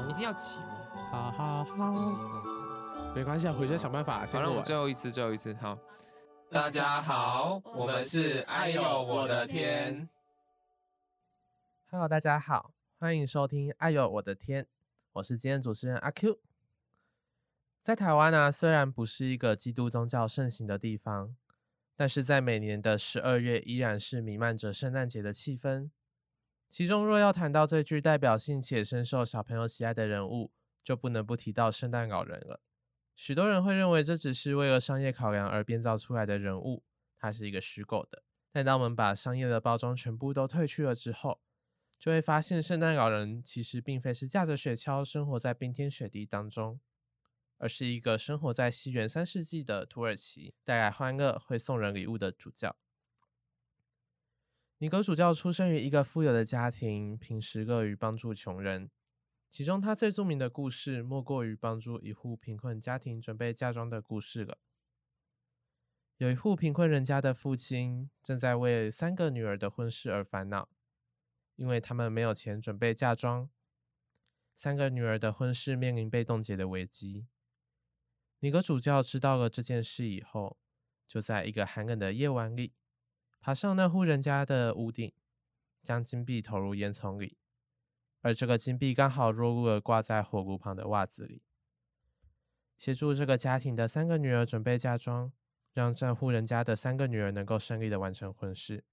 我一定要起好好好，是是沒關係，回去想辦法，啊。嗯、先好讓我最後一次，最後一次。好，大家好，我們是哎呦我的天、嗯。Hello，大家好，歡迎收聽哎呦我的天，我是今天主持人阿 Q。在台灣呢，啊，雖然不是一個基督宗教盛行的地方，但是在每年的十二月，依然是瀰漫着聖誕節的氣氛。其中，若要談到最具代表性且深受小朋友喜愛的人物，就不能不提到聖誕老人了。許多人會認為這只是為了商業考量而編造出來的人物，它是一個虛構的。但當我們把商業的包裝全部都褪去了之後，就會發現聖誕老人其實並非是駕着雪橇生活在冰天雪地當中，而是一個生活在西元三世紀的土耳其，帶來歡樂、會送人禮物的主教。尼格主教出生於一個富有的家庭，平時樂於幫助窮人。其中，他最著名的故事莫過於幫助一戶貧困家庭準備嫁妝的故事了。有一戶貧困人家的父親正在為三個女兒的婚事而煩惱，因為他們沒有錢準備嫁妝，三個女兒的婚事面臨被凍結的危機。尼格主教知道了這件事以後，就在一個寒冷的夜晚裡，爬上那戶人家的屋頂，將金幣投入煙囪裡，而這個金幣剛好落入了掛在火爐旁的襪子裡，協助這個家庭的三個女兒準備嫁妝，讓這戶人家的三個女兒能夠順利的完成婚事。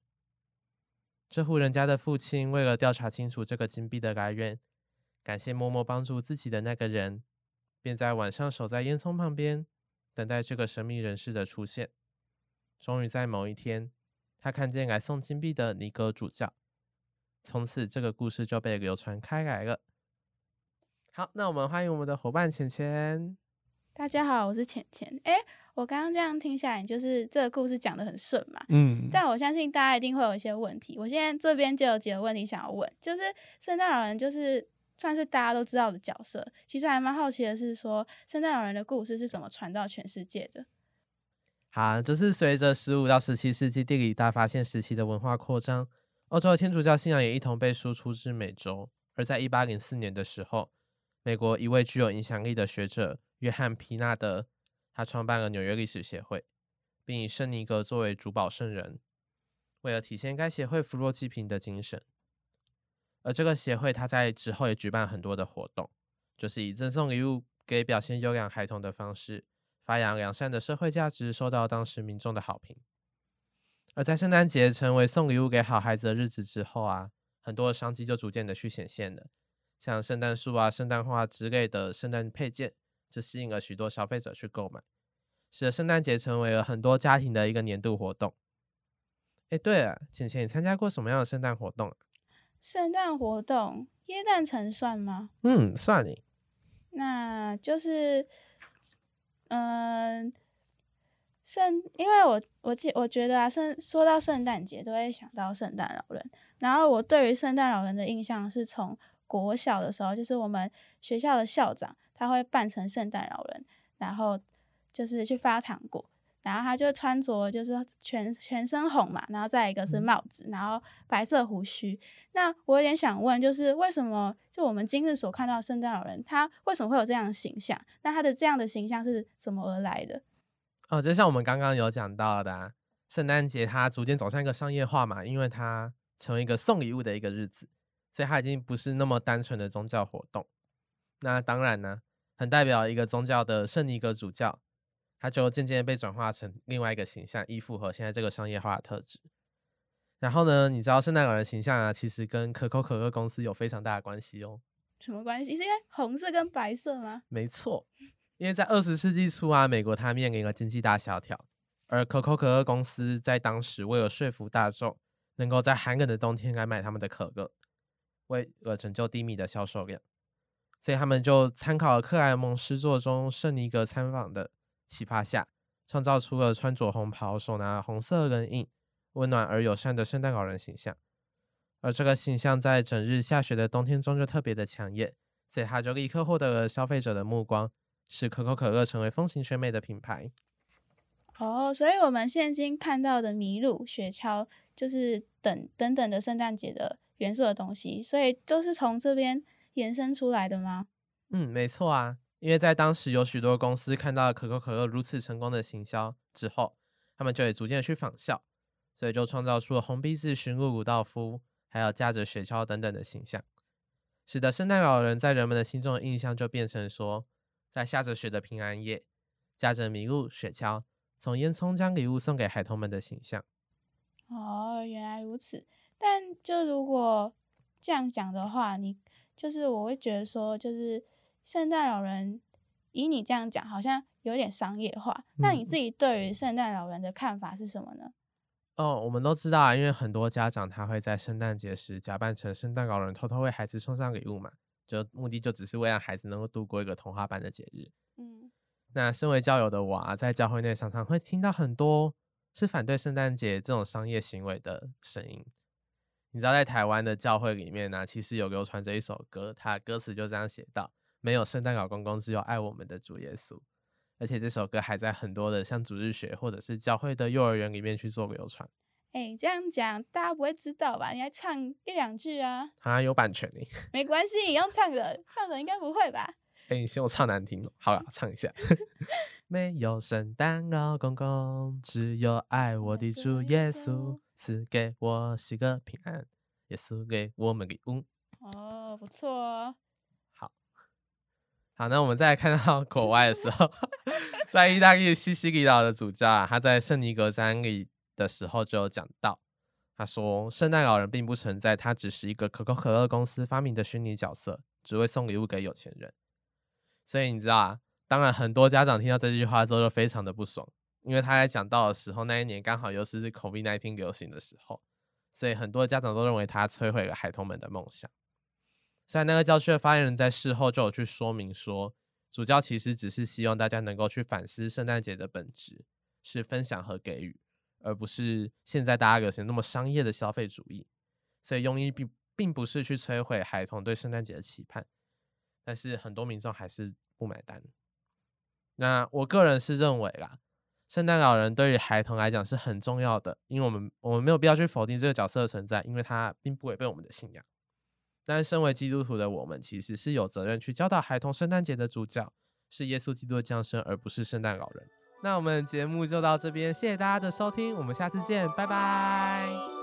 這戶人家的父親為了調查清楚這個金幣的來源，感謝默默幫助自己的那個人，便在晚上守在煙囪旁邊，等待這個神秘人士的出現。終於在某一天。他看見來送金幣的尼格主教，從此這個故事就被流傳開來了。好，那我們歡迎我們的夥伴淺淺。大家好，我是淺淺。哎、欸，我剛剛這樣聽下來，就是這個故事講得很順嘛。嗯。但我相信大家一定會有一些問題。我現在這邊就有幾個問題想要問，就是聖誕老人就是算是大家都知道的角色，其實還蠻好奇的是說，說聖誕老人的故事是怎麼傳到全世界的？好，就是隨着十五到十七世紀地理大發現時期的文化擴張，歐洲的天主教信仰也一同被輸出至美洲。而在一八零四年的時候，美國一位具有影響力的學者約翰皮納德，他創辦了紐約歷史協會，並以聖尼格作為主保聖人。為了體現該協會扶弱濟貧的精神，而這個協會他在之後也舉辦很多的活動，就是以贈送禮物給表現優良孩童的方式，發揚良善的社會價值，受到當時民眾的好評。而在聖誕節成為送禮物給好孩子的日子之後啊，很多商機就逐漸的去顯現了，像聖誕樹啊、聖誕花之類的聖誕配件，就吸引了許多消費者去購買，使得聖誕節成為了很多家庭的一個年度活動。誒對了，啊，淺淺，你參加過什麼樣的聖誕活動，啊？聖誕活動，耶誕城算嗎？嗯，算你。那就是。嗯，聖，因為我我記我覺得啊，聖，說到聖誕節都會想到聖誕老人。然後我對於聖誕老人的印象是從國小的時候，就是我們學校的校長，他會扮成聖誕老人，然後就是去發糖果。然後他就穿着就是全全身紅嘛，然後再一個是帽子，嗯、然後白色鬍鬚。那我有點想問，就是為什麼就我們今日所看到的聖誕老人，他為什麼會有這樣的形象？那他的這樣的形象是怎麼而來的？哦，就像我們剛剛有講到的、啊，聖誕節它逐漸走向一個商業化嘛，因為它成為一個送禮物的一個日子，所以它已經不是那麼單純的宗教活動。那當然呢，很代表一個宗教的聖尼格主教。它就漸漸被轉化成另外一個形象，以符合現在這個商業化的特質。然後呢，你知道聖誕老人形象啊，其實跟可口可樂公司有非常大的關係哦。什麼關係？是因為紅色跟白色嗎？沒錯，因為在二十世紀初啊，美國它面臨了經濟大蕭條，而可口可樂公司在當時為了說服大眾能夠在寒冷的冬天來買他們的可樂，為了拯救低迷的銷售量，所以他們就參考了克萊蒙詩作中聖尼格參訪的。啟發下，創造出了穿着紅袍、手拿紅色人印、溫暖而友善的聖誕老人形象。而這個形象在整日下雪的冬天中就特別的搶眼，所以他就立刻獲得了消費者的目光，使可口可樂成為風行全美的品牌。哦，所以我們現今看到的麋鹿、雪橇，就是等等等的聖誕節的元素的東西，所以都是從這邊延伸出來的嗎？嗯，沒錯啊。因為在當時有許多公司看到了可口可樂如此成功的行銷之後，他們就也逐漸去仿效，所以就創造出了紅鼻子馴鹿魯道夫，還有駕著雪橇等等的形象，使得聖誕老人在人們的心中的印象就變成說，在下着雪的平安夜，駕着麋鹿雪橇從煙囪將禮物送給孩童們的形象。哦，原來如此。但就如果這樣講的話，你就是我會覺得說就是。聖誕老人，以你這樣講，好像有點商業化。那你自己對於聖誕老人的看法是什麼呢？嗯，哦，我們都知道啊，因為很多家長他會在聖誕節時假扮成聖誕老人，偷偷為孩子送上禮物嘛，就目的就只是為讓孩子能夠度過一個童話般的節日。嗯，那身為教友的我啊，在教會內常常會聽到很多是反對聖誕節這種商業行為的聲音。你知道，在台灣的教會裡面呢、啊，其實有流傳著一首歌，它歌詞就這樣寫道，沒有聖誕老公公，只有愛我們的主耶穌。而且這首歌還在很多的像主日學或者是教會的幼兒園裡面去做流傳。哎，這樣講大家不會知道吧？你還唱一兩句啊？好像、啊、有版權的，沒關係，用唱的， 唱的應該不會吧？哎，你嫌我唱難聽，好了，唱一下。 沒有聖誕老公公，只有愛我的主耶穌，賜給我喜個平安，也賜給我們禮物。哦，不錯啊。好，那我們再來看到國外的時候， 在意大利西西里島的主教啊，他在聖尼格山裡的時候就有講到，他說聖誕老人並不存在，他只是一個可口可樂公司發明的虛擬角色，只會送禮物給有錢人。所以你知道啊，當然很多家長聽到這句話之後就非常的不爽，因為他在講到的時候，那一年剛好又是 COVID-19 流行的時候，所以很多家長都認為他摧毀了孩童們的夢想。所以那個教區的發言人在事後就有去說明說，主教其實只是希望大家能夠去反思聖誕節的本質，是分享和給予，而不是現在大家有些那麼商業的消費主義。所以用意並並不是去摧毀孩童對聖誕節的期盼，但是很多民眾還是不買單。那我個人是認為啦，聖誕老人對於孩童來講是很重要的，因為我們我們沒有必要去否定這個角色的存在，因為他並不違背我們的信仰。但身為基督徒的我們，其實是有責任去教導孩童，聖誕節的主角是耶穌基督的降生，而不是聖誕老人。 那我們節目就到這邊，謝謝大家的收聽，我們下次見，拜拜。